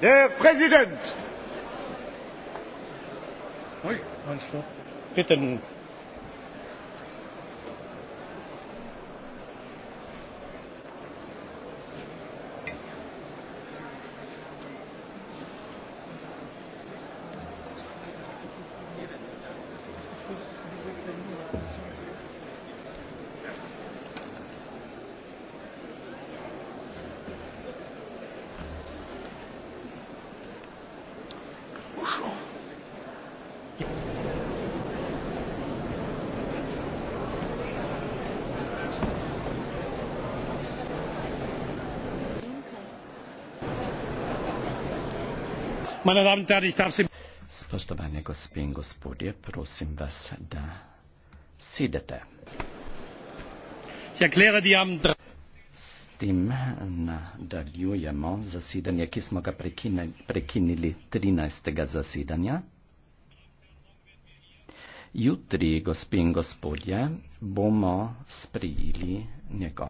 Der Präsident! Ui, ein Stopp. Bitte nun. Spoštovane gospe in gospodje, prosim vas, da sedete. S tem nadaljujemo zasedanje, ki smo ga prekinili 13. zasedanja. Jutri, gospe in gospodje, bomo sprejeli njegov.